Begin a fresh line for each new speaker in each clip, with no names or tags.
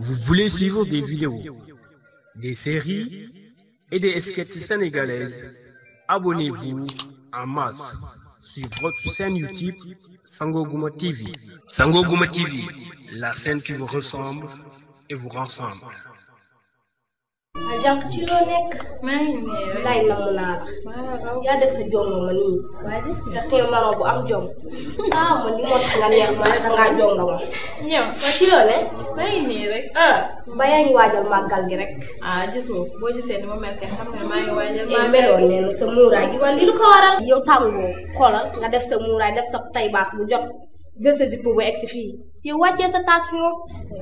Vous voulez suivre des vidéos, des séries et des sketchs sénégalaises Abonnez-vous en masse sur votre chaîne YouTube Sangoguma TV. Sangoguma TV, la scène qui vous ressemble et vous rassemble.
jànq ci loo nekk. maa ngi naa la. yaa def sa jom ma nii. sa teint marron bu am jom. ah man li moo tax nga neex ma da ngaa jom nga ma. ñëw waaw ci ne. maa ngi nii rek. ah ba yaa ngi waajal màggal gi rek. ah gis nga boo gisee ni ma mel kay xam nga maa ngi waajal. Eh, maa ngi meloon ne sa muuraay gi wala li lu ko waral. yow tàngoo nga def sa muuraay def sa taybaas bu jot. jël sa zipp bu egsi fii yow wàccee sa taas fi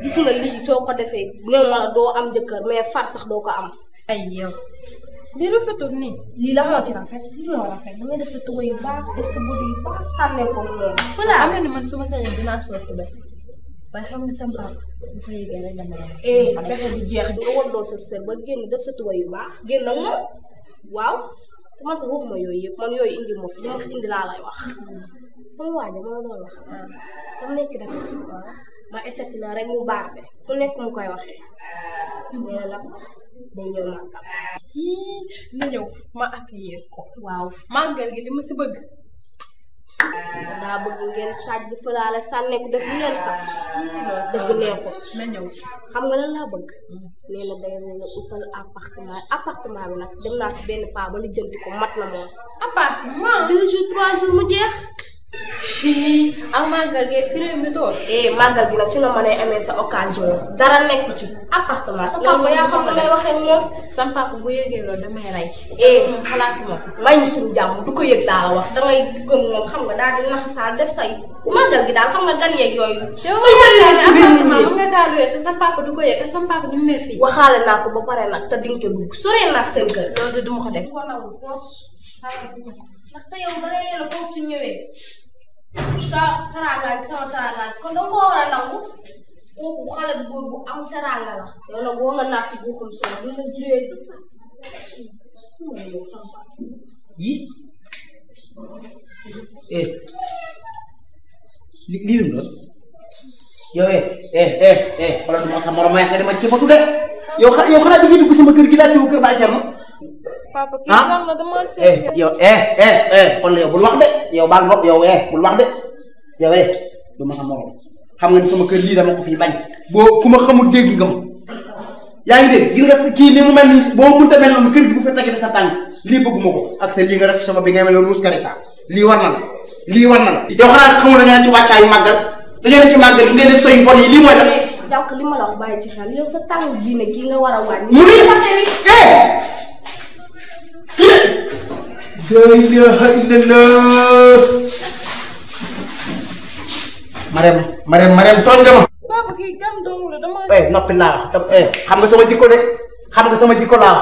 gis nga lii soo ko defee ñoom ma doo am jëkkër mais far sax doo ko am. ay yow lii rafetul nii. lii la moo ci rafet lii moo rafet sa tuba yu am na ni man su ma sañoon dinaa soo tuba waaye xam nga sa mbaa bu ko yëgee eh, jeex nga wandoo sa sër ba génn def sa tuba yu baax génn moom waaw. te man sax waxuma yooyu yëpp man yooyu indi ma fi li ma indi laa lay wax. sama waa ji ma wax. dama nekk dafa ma eset la rek mu baar be fu nekk mu koy waxee. mais la day ñëw màggal. kii na ñëw ma accueillir ko. waaw màggal gi li si bëgg. daa bëgg ngeen xaaj di fëlaale sànneeku def lu leen sax dëgg nee ko xam nga lan laa bëgg nee day na appartement appartement bi nag dem naa si benn paa ba lijjanti ko mat na moom appartement deux jours trois jours mu jeex fii ak màggal gi fi réew mi tool. eh màggal gi nag ci nga mën a amee sa occasion dara nekku ci appartement. sa papa yaa xam lay waxee moom. sama papa bu yëgee loolu damay eh, du ko yëg daal wax damay gëm nga daal di naxasaal def daal xam nga gan yeeg yooyu. mën nga daal sa papa du ko yëg ak sama papa du mu fii. waxaale naa ko ba pare nag te di nga ca dugg soree naa seen kër. loolu de du ma ko def. ndaxte yow sa teraanga sama teraanga kon dama ko war a nangu kooku xale bu góor bu am teraanga la yow nag woo nga
eh
li li lu eh eh eh eh xoolal du ma sa morom may nga dama ci fatu yo kalau yow xanaa bi ngay dugg sama kër gi laa ci kër
Papa Kidlang na teman sih. Eh,
yo eh eh eh kon yo bulwak de. Yo bang bok yo eh bulwak de. Yo eh do ma sama morom. Xam nga sama kër li dama ko fi bañ. Bo kuma xamu deg ngam. Yaa ngi deg gis nga sa ki ni mu mel bo mën ta mel non kër gi bu fa aku sa tank. Li bëgguma ak sa li nga def sama bi nga mel non muskarita. Li war na la. Li war na la. Yo xana xamu nga ci waccaay magal. Da ngeen ci magal ngeen def soy bon yi li moy la.
Jank li ma la wax bayyi ci xel yow sa tank ki nga wara wañ. Mu ni eh
La ilaha illallah. Marème Marème Marème tooñ nga ma.
papa kii gan
dong la dama. eh noppi laa tam eh xam nga sama jikko de xam nga sama jikko laa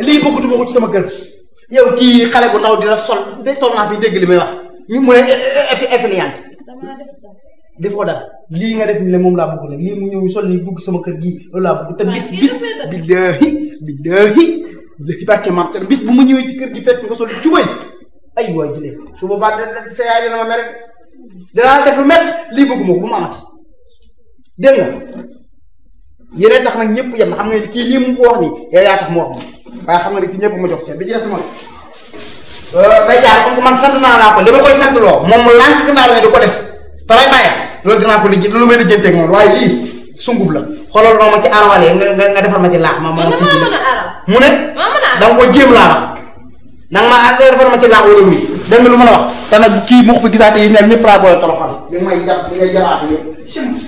lii bëgg duma ko ci sama kër yow kii xale bu ndaw dina sol de toog naa fi dégg li may wax ñu mu ne effiliante.
damaa def dara.
defoo dara lii nga def ni le moom laa bëgg nag lii mu ñëw sol nii bëgg sama kër gii loolu bëgg te bis ah, bis. billahi billahi léegi bàkke maam te bis bu mu ñëwee ci kër gi fekk nga sol jubay ay waay jëlee su ba sa yaay dina ma mere danaa def lu métti lii bëgguma ko bu ma amati dégg ñëpp yem xam nga kii lii mu wax nii yow yaa tax mu wax waaye xam nga ne fi ñëpp ma jox te bi ci des mooy day euh, jaar comme que man sant naa naa ko li koy sant loo moom mu lànk naa la ne du ko def te may bàyyi loolu dinaa ko lijjanti lu may lijjanteeg moom waaye lii sunguf la xolal no ma ci arwale nga nga defal ma ci laax ma ma ci mu ne da nga ko jëm laa wax nang ma ak defal ma ci laax wala wi dang lu ma wax te nak ki mu fi gisaté yi ñal ñepp la boole tolo xam may japp li ngay jaraat sim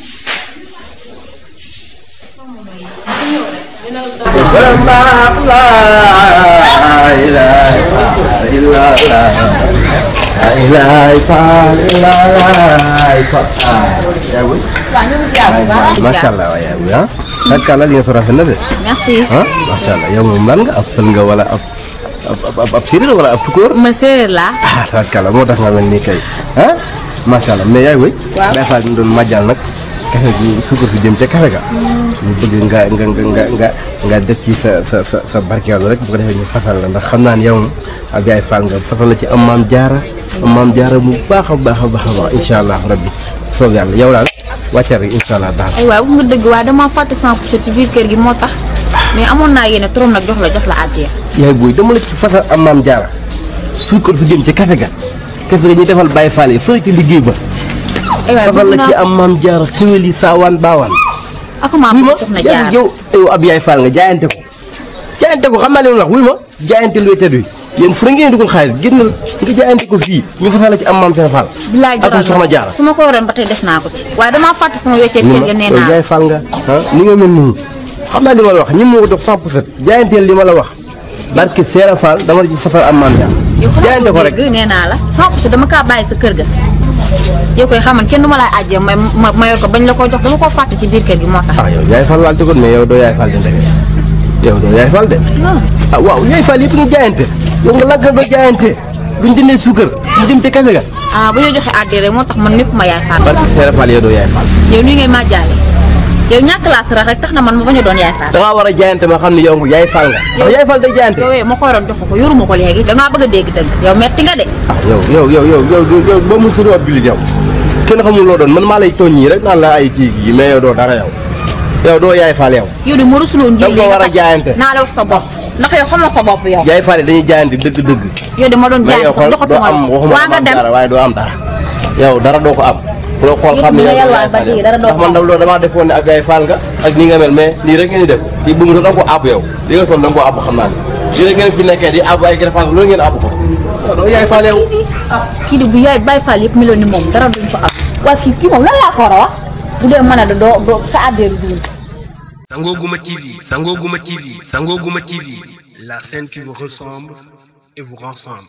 la ilaha oui. maasàllaa waaye oui ah dakkaanal yëf rafet na de
merci ah
maasàllaa yow wala ab ab ab séeréer wala ab tukóor
ma séeréer laa
ah dakkaala moo tax nga mel nii kay ah maasàllaa mais si jëm ca kafe ga ñu bëgg nga nga nga nga nga def ci sa sa sa sa barkeelu rek bu ko defee ñu fasal maam jaara bu baax a baax a baax a baax incha allah rabbi soob yow daal wàcce rek incha allah taala. ay
waaw bu nga dëgg waaye gi moo tax. mais amoon naa yéene trop nag jox la jox la àddiya.
yaay booy dama la ci fasal am maam jaara suukar su jëm ci kafe ga kafe ga ñu defal bàyyi faale fële ci liggéey ba. aywa la ci am maam jaara xéwal yi saawaan baawaan. ak maa ko jox na jaar yow yow nga jaayante ko jaayante ko xam naa leen wax wuy ma jaayante lu wétadu yi yéen fu ngeen dugul xaalis génnal nga jaayante ko fii ñu fasal ci am maam seen faal.
bilaay jaral soxna jaara su ma ko waroon ba tey def nee naa
jaay faal nga ah, ni nga mel nii xam naa li ma la wax ñi ma ko dox 100 pour cent ma la wax barke Seera Faal dama la ci am maam jaayante ko rek
nee naa la 100 pour cent dama kaa bàyyi sa kër ga yow koy xaman kenn du ma laay àjjee ma ma yor ko bañ la ko jox dama koo fàtte ci biir kër gi moo tax. waaw ah, yow
yaay faal laal te kon mais yow doo yaay faal yow doo yaay fal de. ah waaw yaay fal yëpp ñu jaayante yow nga làggal ba jaayante buñ jëndee suukar buñ kafe ga.
bu ñuy joxe addi rek moo tax man nekk ma yaay faal. parce que Serap Fall yow doo tax na man ma a da
war a jaayante ma xam ne yow yaay faal nga.
yow yaay faal ko waroon jox ko da a dégg dëgg. yow metti nga de.
ah yow yow yow yow yow mun suñu ab jullit yow kenn xamul loo doon man maa lay tooñ yi rek naan la ay kii yi mais yow doo dara yow yow do yaay fal yow
yow de mënu suloon jël
li wara jaayante
naa la wax sa bop ndax yow xam na sa bop yow
yaay fal dañuy jaayante deug deug yow de ma doon jaayante sax doxatuma la wa nga dem dara way do am dara yow dara do ko am lo xol xam ni dara do man lo dama defone ak ay fal nga ak ni nga mel mais ni rek ngeen di def di bu mu do ko app yow li nga son dang ko app xam na ni rek ngeen fi nekké di app ay grefal lo ngeen app ko
do yaay fal yow ah, ki di bu yaay bay fal yep meloni mom dara duñ ko app wa fi ki mom lan la ko wara wax bu de mëna do do sa abé bi
Sangoguma TV, Sangoguma TV, Sangoguma TV, la scène qui vous ressemble et vous rassemble.